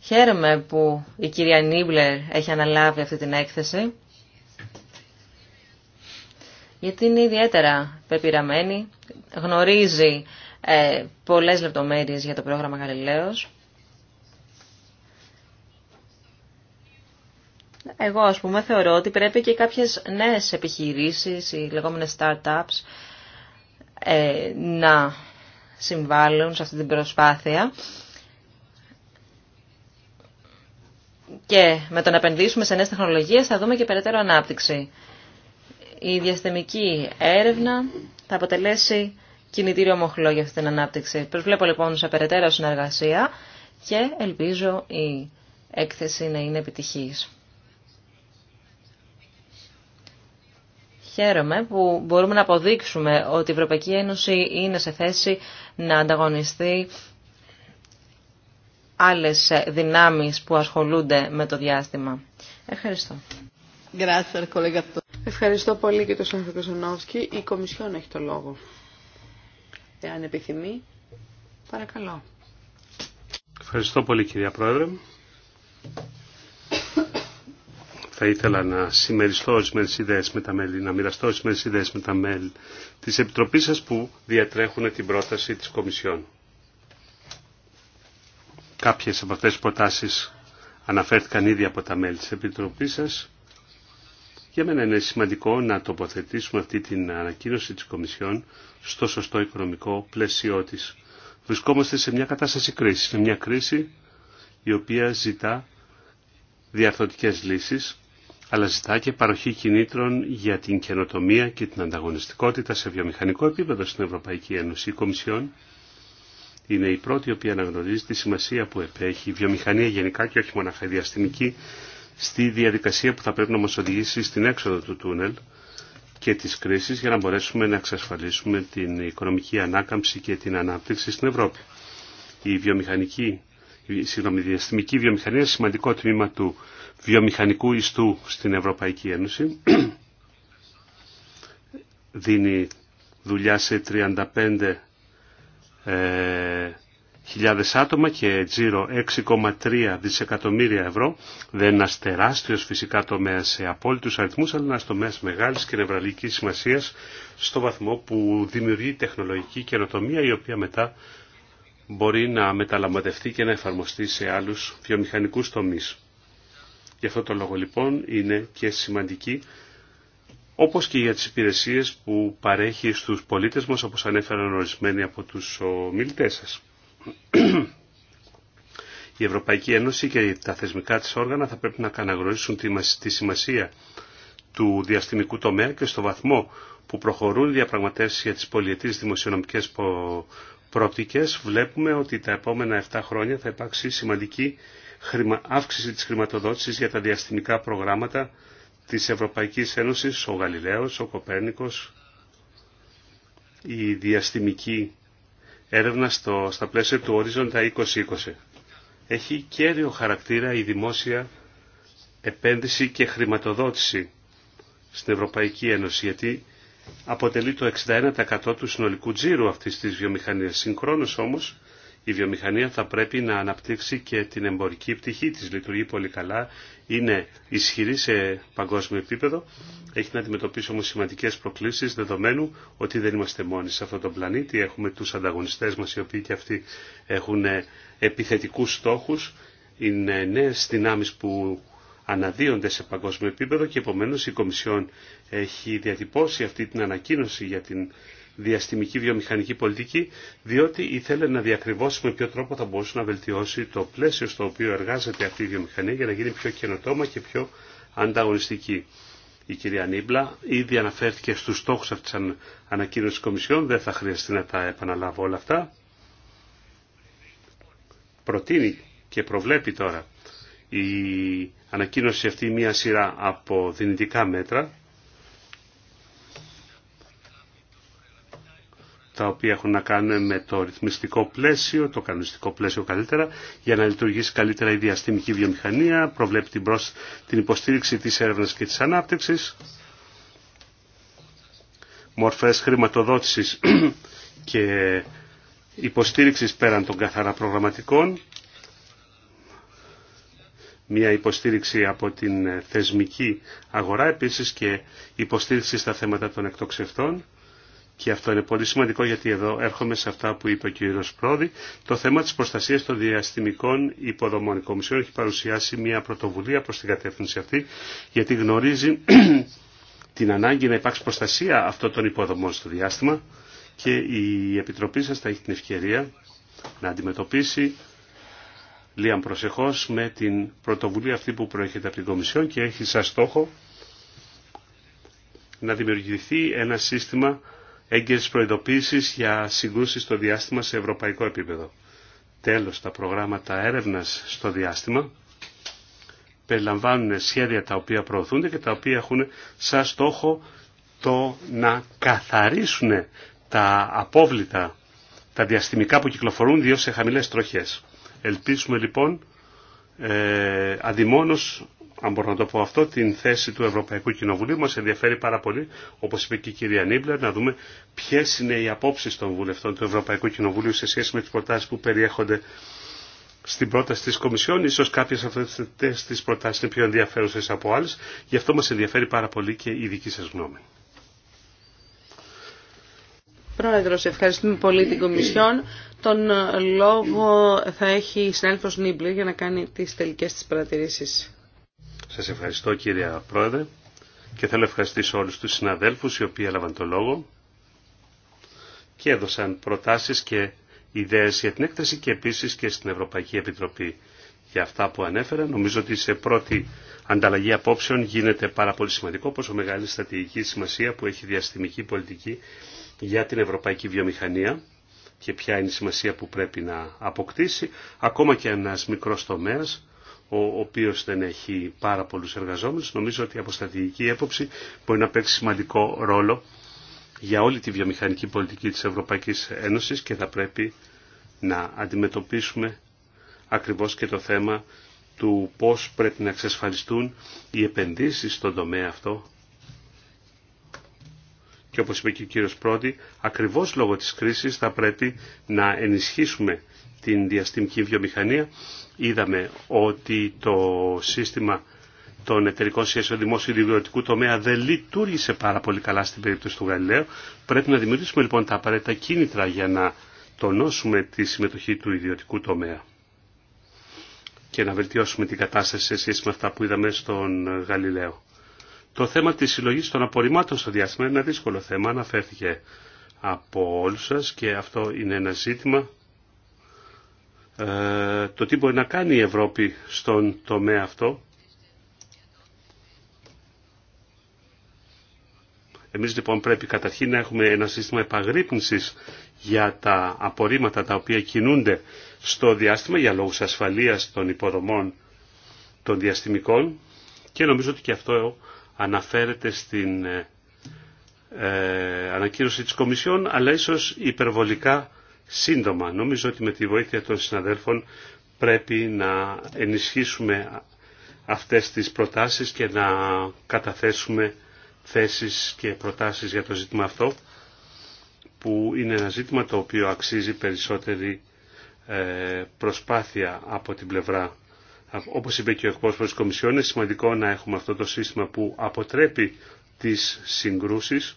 Χαίρομαι που η κυρία Νίμπλερ έχει αναλάβει αυτή την έκθεση, γιατί είναι ιδιαίτερα πεπειραμένη, γνωρίζει ε, πολλές λεπτομέρειες για το πρόγραμμα Γαλιλαίος Εγώ ας πούμε θεωρώ ότι πρέπει και κάποιες νέες επιχειρήσεις, οι λεγόμενες startups, ε, να συμβάλλουν σε αυτή την προσπάθεια και με το να επενδύσουμε σε νέες τεχνολογίες θα δούμε και περαιτέρω ανάπτυξη. Η διαστημική έρευνα θα αποτελέσει κινητήριο μοχλό για αυτή την ανάπτυξη. Προσβλέπω λοιπόν σε περαιτέρω συνεργασία και ελπίζω η έκθεση να είναι επιτυχής. Χαίρομαι που μπορούμε να αποδείξουμε ότι η Ευρωπαϊκή Ένωση είναι σε θέση να ανταγωνιστεί άλλες δυνάμεις που ασχολούνται με το διάστημα. Ευχαριστώ. Ευχαριστώ πολύ και τον Σάνθρο Η Κομισιόν έχει το λόγο. Εάν επιθυμεί, παρακαλώ. Ευχαριστώ πολύ κυρία Πρόεδρε θα ήθελα να συμμεριστώ ορισμένε ιδέε με τα μέλη, να μοιραστώ ορισμένε ιδέε με τα μέλη τη Επιτροπή σα που διατρέχουν την πρόταση τη Κομισιόν. Κάποιε από αυτέ τι προτάσει αναφέρθηκαν ήδη από τα μέλη τη Επιτροπή σα. Για μένα είναι σημαντικό να τοποθετήσουμε αυτή την ανακοίνωση της Κομισιόν στο σωστό οικονομικό πλαίσιό της. Βρισκόμαστε σε μια κατάσταση κρίση, σε μια κρίση η οποία ζητά διαρθωτικές λύσεις αλλά ζητά και παροχή κινήτρων για την καινοτομία και την ανταγωνιστικότητα σε βιομηχανικό επίπεδο στην Ευρωπαϊκή Ένωση. Η Κομισιόν είναι η πρώτη η οποία αναγνωρίζει τη σημασία που επέχει η βιομηχανία γενικά και όχι μόνο η διαστημική στη διαδικασία που θα πρέπει να μας οδηγήσει στην έξοδο του τούνελ και της κρίσης για να μπορέσουμε να εξασφαλίσουμε την οικονομική ανάκαμψη και την ανάπτυξη στην Ευρώπη. Η βιομηχανική, συγγνώμη, η διαστημική βιομηχανία είναι σημαντικό τμήμα του βιομηχανικού ιστού στην Ευρωπαϊκή Ένωση. Δίνει δουλειά σε 35 ε, χιλιάδες άτομα και τζίρο 6,3 δισεκατομμύρια ευρώ. Δεν είναι ένας φυσικά τομέα σε απόλυτους αριθμούς, αλλά ένας τομέας μεγάλης και νευραλικής σημασίας στο βαθμό που δημιουργεί τεχνολογική καινοτομία η οποία μετά μπορεί να μεταλαμβατευτεί και να εφαρμοστεί σε άλλους βιομηχανικούς τομείς. Γι' αυτό το λόγο λοιπόν είναι και σημαντική όπως και για τις υπηρεσίες που παρέχει στους πολίτες μας, όπως ανέφεραν ορισμένοι από τους ομιλητές σας. Η Ευρωπαϊκή Ένωση και τα θεσμικά της όργανα θα πρέπει να καναγνωρίσουν τη σημασία του διαστημικού τομέα και στο βαθμό που προχωρούν οι διαπραγματεύσεις για τις πολιετήσεις δημοσιονομικές προοπτικές βλέπουμε ότι τα επόμενα 7 χρόνια θα υπάρξει σημαντική αύξηση της χρηματοδότησης για τα διαστημικά προγράμματα της Ευρωπαϊκής Ένωσης, ο Γαλιλαίος, ο Κοπέρνικος, η διαστημική έρευνα στο, στα πλαίσια του ορίζοντα 2020. Έχει κέριο χαρακτήρα η δημόσια επένδυση και χρηματοδότηση στην Ευρωπαϊκή Ένωση, γιατί αποτελεί το 61% του συνολικού τζίρου αυτής της βιομηχανίας. Συγχρόνως όμως, η βιομηχανία θα πρέπει να αναπτύξει και την εμπορική πτυχή της. Λειτουργεί πολύ καλά, είναι ισχυρή σε παγκόσμιο επίπεδο. Έχει να αντιμετωπίσει όμως σημαντικές προκλήσεις δεδομένου ότι δεν είμαστε μόνοι σε αυτόν τον πλανήτη. Έχουμε τους ανταγωνιστές μας οι οποίοι και αυτοί έχουν ε, επιθετικούς στόχους. Είναι νέες δυνάμεις που αναδύονται σε παγκόσμιο επίπεδο και επομένως η Κομισιόν έχει διατυπώσει αυτή την ανακοίνωση για την διαστημική βιομηχανική πολιτική, διότι ήθελε να διακριβώσει με ποιο τρόπο θα μπορούσε να βελτιώσει το πλαίσιο στο οποίο εργάζεται αυτή η βιομηχανία για να γίνει πιο καινοτόμα και πιο ανταγωνιστική. Η κυρία Νίμπλα ήδη αναφέρθηκε στους στόχους αυτής της ανακοίνωσης της Κομισιόν, δεν θα χρειαστεί να τα επαναλάβω όλα αυτά. Προτείνει και προβλέπει τώρα η ανακοίνωση αυτή μία σειρά από δυνητικά μέτρα τα οποία έχουν να κάνουν με το ρυθμιστικό πλαίσιο, το κανονιστικό πλαίσιο καλύτερα, για να λειτουργήσει καλύτερα η διαστημική βιομηχανία, προβλέπει την, την υποστήριξη της έρευνας και της ανάπτυξης, μορφές χρηματοδότησης και υποστήριξης πέραν των καθαρά προγραμματικών, μια υποστήριξη από την θεσμική αγορά, επίσης και υποστήριξη στα θέματα των εκτοξευτών. Και αυτό είναι πολύ σημαντικό γιατί εδώ έρχομαι σε αυτά που είπε ο κ. Πρόδη. Το θέμα της προστασίας των διαστημικών υποδομών. Η Κομισιόν έχει παρουσιάσει μια πρωτοβουλία προς την κατεύθυνση αυτή γιατί γνωρίζει την ανάγκη να υπάρξει προστασία αυτών των υποδομών στο διάστημα και η Επιτροπή σας θα έχει την ευκαιρία να αντιμετωπίσει λίγαν προσεχώς με την πρωτοβουλία αυτή που προέρχεται από την Κομισιόν και έχει σαν στόχο να δημιουργηθεί ένα σύστημα έγκαιρες προειδοποίησεις για συγκρούσεις στο διάστημα σε ευρωπαϊκό επίπεδο. Τέλος, τα προγράμματα έρευνας στο διάστημα περιλαμβάνουν σχέδια τα οποία προωθούνται και τα οποία έχουν σαν στόχο το να καθαρίσουν τα απόβλητα, τα διαστημικά που κυκλοφορούν, δύο σε χαμηλές τροχές. Ελπίζουμε λοιπόν ε, αν μπορώ να το πω αυτό, την θέση του Ευρωπαϊκού Κοινοβουλίου. Μας ενδιαφέρει πάρα πολύ, όπως είπε και η κυρία Νίμπλερ, να δούμε ποιες είναι οι απόψεις των βουλευτών του Ευρωπαϊκού Κοινοβουλίου σε σχέση με τις προτάσεις που περιέχονται στην πρόταση της Κομισιόν. Ίσως κάποιες αυτές τις προτάσεις είναι πιο ενδιαφέρουσες από άλλες. Γι' αυτό μας ενδιαφέρει πάρα πολύ και η δική σας γνώμη. Πρόεδρος, ευχαριστούμε πολύ την Κομισιόν. Τον ε, λόγο θα έχει η συνάδελφος Νίμπλερ για να κάνει τι τελικέ της παρατηρήσει. Σας ευχαριστώ κύριε Πρόεδρε και θέλω να ευχαριστήσω όλους τους συναδέλφους οι οποίοι έλαβαν το λόγο και έδωσαν προτάσεις και ιδέες για την έκθεση και επίσης και στην Ευρωπαϊκή Επιτροπή για αυτά που ανέφερα. Νομίζω ότι σε πρώτη ανταλλαγή απόψεων γίνεται πάρα πολύ σημαντικό πόσο μεγάλη στρατηγική σημασία που έχει διαστημική πολιτική για την ευρωπαϊκή βιομηχανία και ποια είναι η σημασία που πρέπει να αποκτήσει, ακόμα και ένας μικρός τομέας ο οποίος δεν έχει πάρα πολλούς εργαζόμενους. Νομίζω ότι από στρατηγική έποψη μπορεί να παίξει σημαντικό ρόλο για όλη τη βιομηχανική πολιτική της Ευρωπαϊκής Ένωσης και θα πρέπει να αντιμετωπίσουμε ακριβώς και το θέμα του πώς πρέπει να εξασφαλιστούν οι επενδύσεις στον τομέα αυτό. Και όπως είπε και ο κύριος Πρόντι, ακριβώς λόγω της κρίσης θα πρέπει να ενισχύσουμε την διαστημική βιομηχανία. Είδαμε ότι το σύστημα των εταιρικών σχέσεων δημόσιου ιδιωτικού τομέα δεν λειτουργήσε πάρα πολύ καλά στην περίπτωση του Γαλιλαίου. Πρέπει να δημιουργήσουμε λοιπόν τα απαραίτητα κίνητρα για να τονώσουμε τη συμμετοχή του ιδιωτικού τομέα και να βελτιώσουμε την κατάσταση σε σχέση με αυτά που είδαμε στον Γαλιλαίο. Το θέμα της συλλογής των απορριμμάτων στο διάστημα είναι ένα δύσκολο θέμα, αναφέρθηκε από όλους σας και αυτό είναι ένα ζήτημα ε, το τι μπορεί να κάνει η Ευρώπη στον τομέα αυτό. Εμείς λοιπόν πρέπει καταρχήν να έχουμε ένα σύστημα επαγρύπνησης για τα απορρίμματα τα οποία κινούνται στο διάστημα για λόγους ασφαλείας των υποδομών των διαστημικών και νομίζω ότι και αυτό αναφέρεται στην ε, ε ανακοίνωση της Κομισιόν αλλά ίσως υπερβολικά σύντομα. Νομίζω ότι με τη βοήθεια των συναδέλφων πρέπει να ενισχύσουμε αυτές τις προτάσεις και να καταθέσουμε θέσεις και προτάσεις για το ζήτημα αυτό που είναι ένα ζήτημα το οποίο αξίζει περισσότερη ε, προσπάθεια από την πλευρά. Όπως είπε και ο εκπρόσωπος της Κομισιόν, είναι σημαντικό να έχουμε αυτό το σύστημα που αποτρέπει τις συγκρούσεις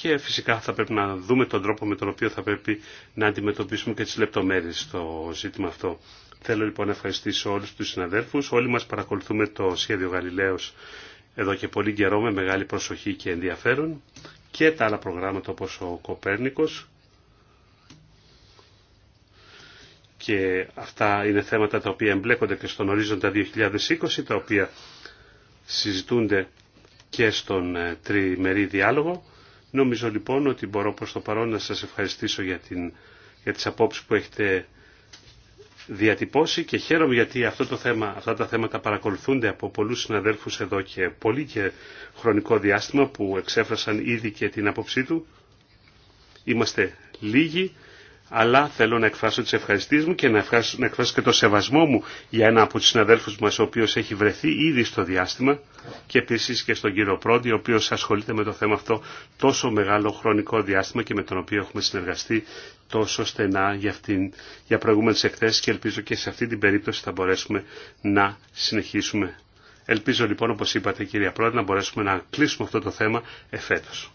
και φυσικά θα πρέπει να δούμε τον τρόπο με τον οποίο θα πρέπει να αντιμετωπίσουμε και τις λεπτομέρειες στο ζήτημα αυτό. Θέλω λοιπόν να ευχαριστήσω όλους τους συναδέλφους. Όλοι μας παρακολουθούμε το σχέδιο Γαλιλαίος εδώ και πολύ καιρό με μεγάλη προσοχή και ενδιαφέρον και τα άλλα προγράμματα όπως ο Κοπέρνικος και αυτά είναι θέματα τα οποία εμπλέκονται και στον ορίζοντα 2020 τα οποία συζητούνται και στον ε, τριμερή διάλογο Νομίζω λοιπόν ότι μπορώ προς το παρόν να σας ευχαριστήσω για, την, για τις απόψεις που έχετε διατυπώσει και χαίρομαι γιατί αυτό το θέμα, αυτά τα θέματα παρακολουθούνται από πολλούς συναδέλφους εδώ και πολύ και χρονικό διάστημα που εξέφρασαν ήδη και την άποψή του. Είμαστε λίγοι αλλά θέλω να εκφράσω τις ευχαριστίες μου και να εκφράσω, εκφράσω και το σεβασμό μου για ένα από τους συναδέλφους μας ο οποίος έχει βρεθεί ήδη στο διάστημα και επίσης και στον κύριο Πρόντι ο οποίος ασχολείται με το θέμα αυτό τόσο μεγάλο χρονικό διάστημα και με τον οποίο έχουμε συνεργαστεί τόσο στενά για, αυτήν, για προηγούμενες εκθέσεις και ελπίζω και σε αυτή την περίπτωση θα μπορέσουμε να συνεχίσουμε. Ελπίζω λοιπόν όπως είπατε κυρία Πρόντι, να μπορέσουμε να κλείσουμε αυτό το θέμα εφέτος.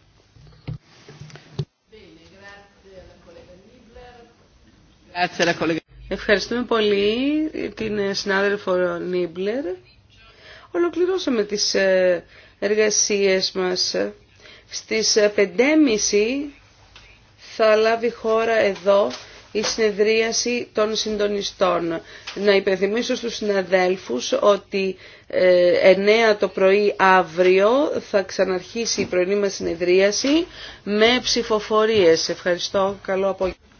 Ευχαριστούμε πολύ την ε, συνάδελφο Νίμπλερ. Ολοκληρώσαμε τις ε, εργασίες μας. Στις 5.30 ε, θα λάβει χώρα εδώ η συνεδρίαση των συντονιστών. Να υπενθυμίσω στους συναδέλφους ότι 9 το πρωί αύριο θα ξαναρχίσει η πρωινή μας συνεδρίαση με ψηφοφορίες. Ευχαριστώ. Καλό απόγευμα.